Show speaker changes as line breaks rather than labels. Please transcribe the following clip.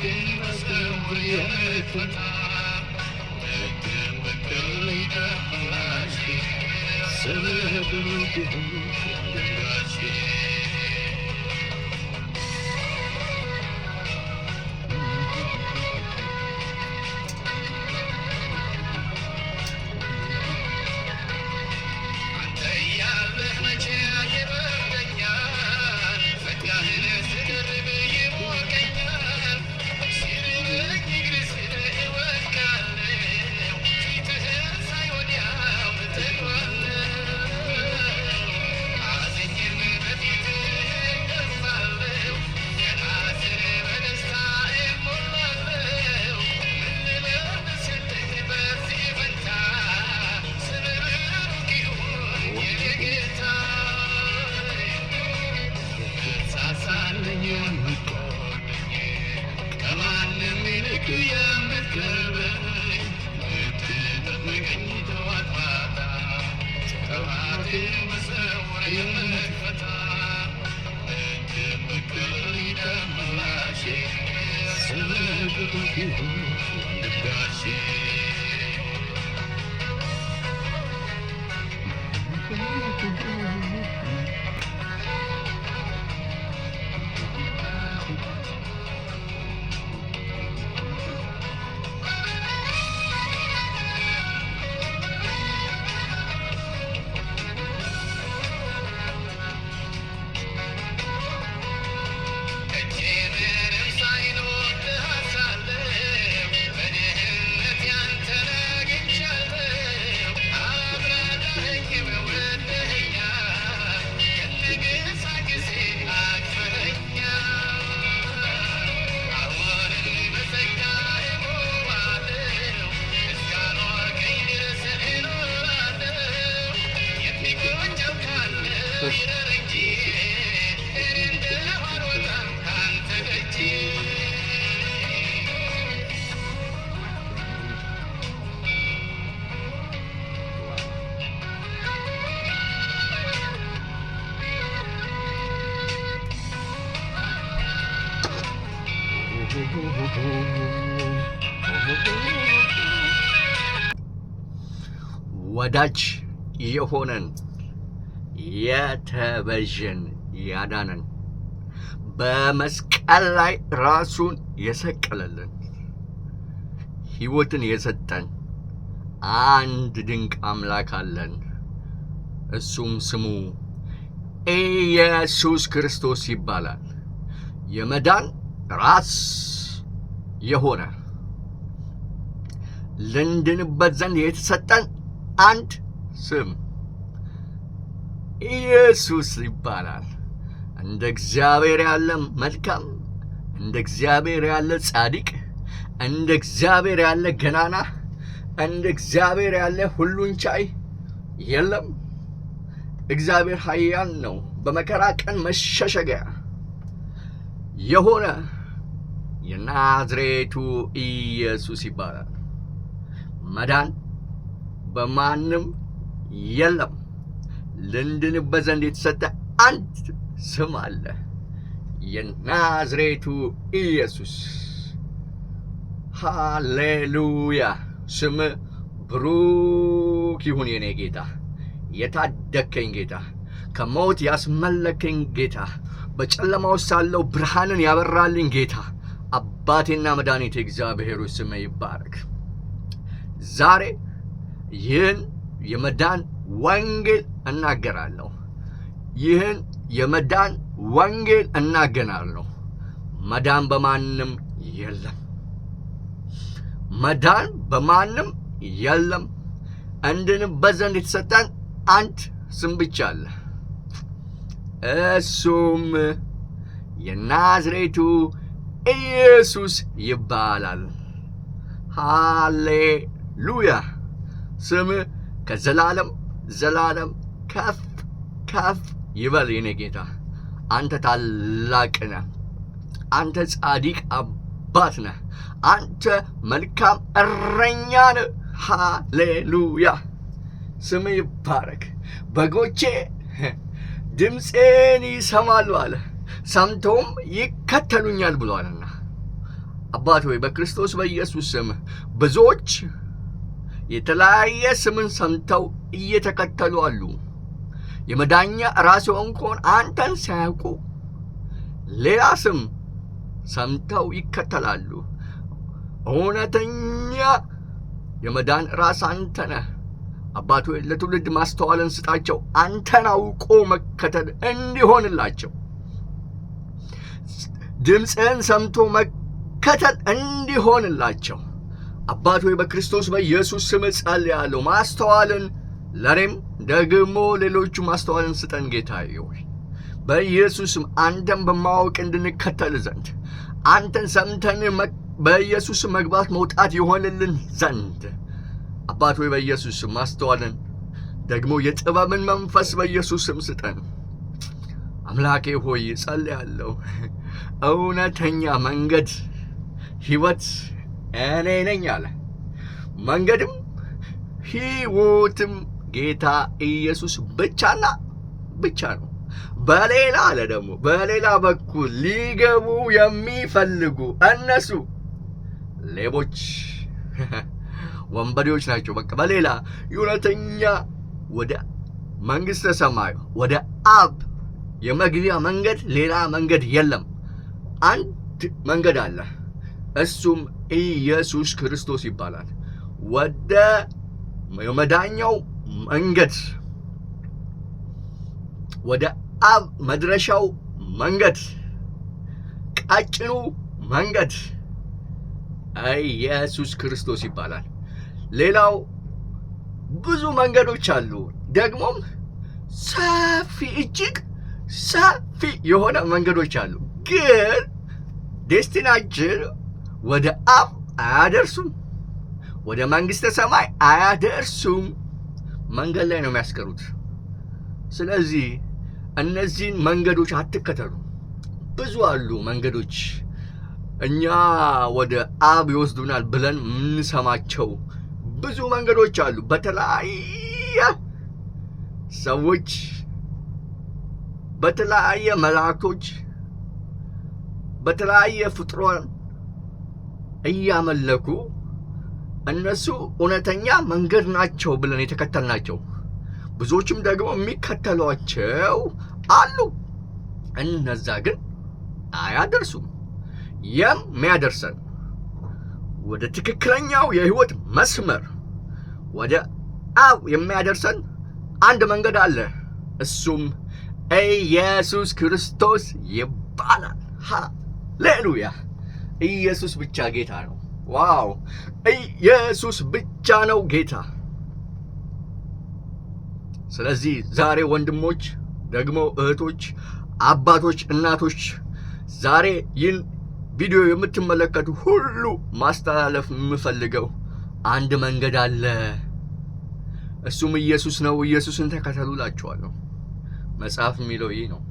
I'm you the Underground. ወዳጅ የሆነን የተበዥን ያዳነን በመስቀል ላይ ራሱን የሰቀለልን ሕይወትን የሰጠን አንድ ድንቅ አምላክ አለን። እሱም ስሙ ኢየሱስ ክርስቶስ ይባላል። የመዳን ራስ የሆነ ልንድንበት ዘንድ የተሰጠን አንድ ስም ኢየሱስ ይባላል። እንደ እግዚአብሔር ያለ መልካም፣ እንደ እግዚአብሔር ያለ ጻድቅ፣ እንደ እግዚአብሔር ያለ ገናና፣ እንደ እግዚአብሔር ያለ ሁሉን ቻይ የለም። እግዚአብሔር ኃያል ነው። በመከራ ቀን መሸሸጊያ የሆነ የናዝሬቱ ኢየሱስ ይባላል። መዳን በማንም የለም። ልንድንበት ዘንድ የተሰጠ አንድ ስም አለ፣ የናዝሬቱ ኢየሱስ። ሃሌሉያ! ስም ብሩክ ይሁን። የኔ ጌታ፣ የታደከኝ ጌታ፣ ከሞት ያስመለከኝ ጌታ፣ በጨለማ ውስጥ ሳለው ብርሃንን ያበራልኝ ጌታ፣ አባቴና መድኃኒቴ እግዚአብሔሩ ስም ይባረክ። ዛሬ ይህን የመዳን ወንጌል እናገራለሁ። ይህን የመዳን ወንጌል እናገናለሁ። መዳን በማንም የለም። መዳን በማንም የለም። እንድንበት ዘንድ የተሰጠን አንድ ስም ብቻ አለ። እሱም የናዝሬቱ ኢየሱስ ይባላል። ሃሌሉያ! ስም ከዘላለም ዘላለም ከፍ ከፍ ይበል። የኔ ጌታ አንተ ታላቅ ነህ። አንተ ጻዲቅ አባት ነህ። አንተ መልካም እረኛ ነህ። ሃሌሉያ ስም ይባረክ። በጎቼ ድምፄን ይሰማሉ አለ፣ ሰምተውም ይከተሉኛል ብሏልና አባት ሆይ በክርስቶስ በኢየሱስ ስም ብዙዎች የተለያየ ስምን ሰምተው እየተከተሉ አሉ። የመዳኛ ራስ እንኳን አንተን ሳያውቁ ሌላ ስም ሰምተው ይከተላሉ። እውነተኛ የመዳን ራስ አንተ ነህ። አባቱ ለትውልድ ማስተዋልን ስጣቸው፣ አንተን አውቆ መከተል እንዲሆንላቸው፣ ድምፅህን ሰምቶ መከተል እንዲሆንላቸው አባቱ በክርስቶስ በኢየሱስ ስም ጸልያለሁ። ማስተዋልን ለእኔም ደግሞ ሌሎቹ ማስተዋልን ስጠን ጌታ ሆይ በኢየሱስም አንተን በማወቅ እንድንከተል ዘንድ አንተን ሰምተን በኢየሱስ መግባት መውጣት የሆንልን ዘንድ አባት ሆይ በኢየሱስ ማስተዋልን ደግሞ የጥበብን መንፈስ በኢየሱስም ስጠን። አምላኬ ሆይ ጸልያለሁ። እውነተኛ መንገድ ሕይወት እኔ ነኝ አለ። መንገድም ሕይወትም ጌታ ኢየሱስ ብቻና ብቻ ነው። በሌላ አለ ደግሞ በሌላ በኩል ሊገቡ የሚፈልጉ እነሱ ሌቦች፣ ወንበዴዎች ናቸው። በቃ በሌላ የእውነተኛ ወደ መንግስተ ሰማይ ወደ አብ የመግቢያ መንገድ ሌላ መንገድ የለም። አንድ መንገድ አለ፣ እሱም ኢየሱስ ክርስቶስ ይባላል። ወደ የመዳኛው መንገድ ወደ አብ መድረሻው መንገድ ቀጭኑ መንገድ ኢየሱስ ክርስቶስ ይባላል። ሌላው ብዙ መንገዶች አሉ። ደግሞም ሰፊ እጅግ ሰፊ የሆነ መንገዶች አሉ። ግን ዴስቲናችን ወደ አብ አያደርሱም፣ ወደ መንግሥተ ሰማይ አያደርሱም። መንገድ ላይ ነው የሚያስቀሩት። ስለዚህ እነዚህን መንገዶች አትከተሉ። ብዙ አሉ መንገዶች እኛ ወደ አብ ይወስዱናል ብለን የምንሰማቸው ብዙ መንገዶች አሉ። በተለያየ ሰዎች፣ በተለያየ መልአኮች በተለያየ ፍጥሯን እያመለኩ እነሱ እውነተኛ መንገድ ናቸው ብለን የተከተልናቸው ብዙዎችም ደግሞ የሚከተሏቸው አሉ። እነዛ ግን አያደርሱም። የሚያደርሰን ወደ ትክክለኛው የህይወት መስመር ወደ አብ የሚያደርሰን አንድ መንገድ አለ። እሱም ኢየሱስ ክርስቶስ ይባላል። ሃሌሉያ! ኢየሱስ ብቻ ጌታ ነው። ዋው! ኢየሱስ ብቻ ነው ጌታ። ስለዚህ ዛሬ ወንድሞች፣ ደግሞ እህቶች፣ አባቶች፣ እናቶች ዛሬ ይህን ቪዲዮ የምትመለከቱ ሁሉ ማስተላለፍ የምፈልገው አንድ መንገድ አለ። እሱም ኢየሱስ ነው። ኢየሱስን ተከተሉ እላችኋለሁ። መጽሐፍ የሚለው ይህ ነው።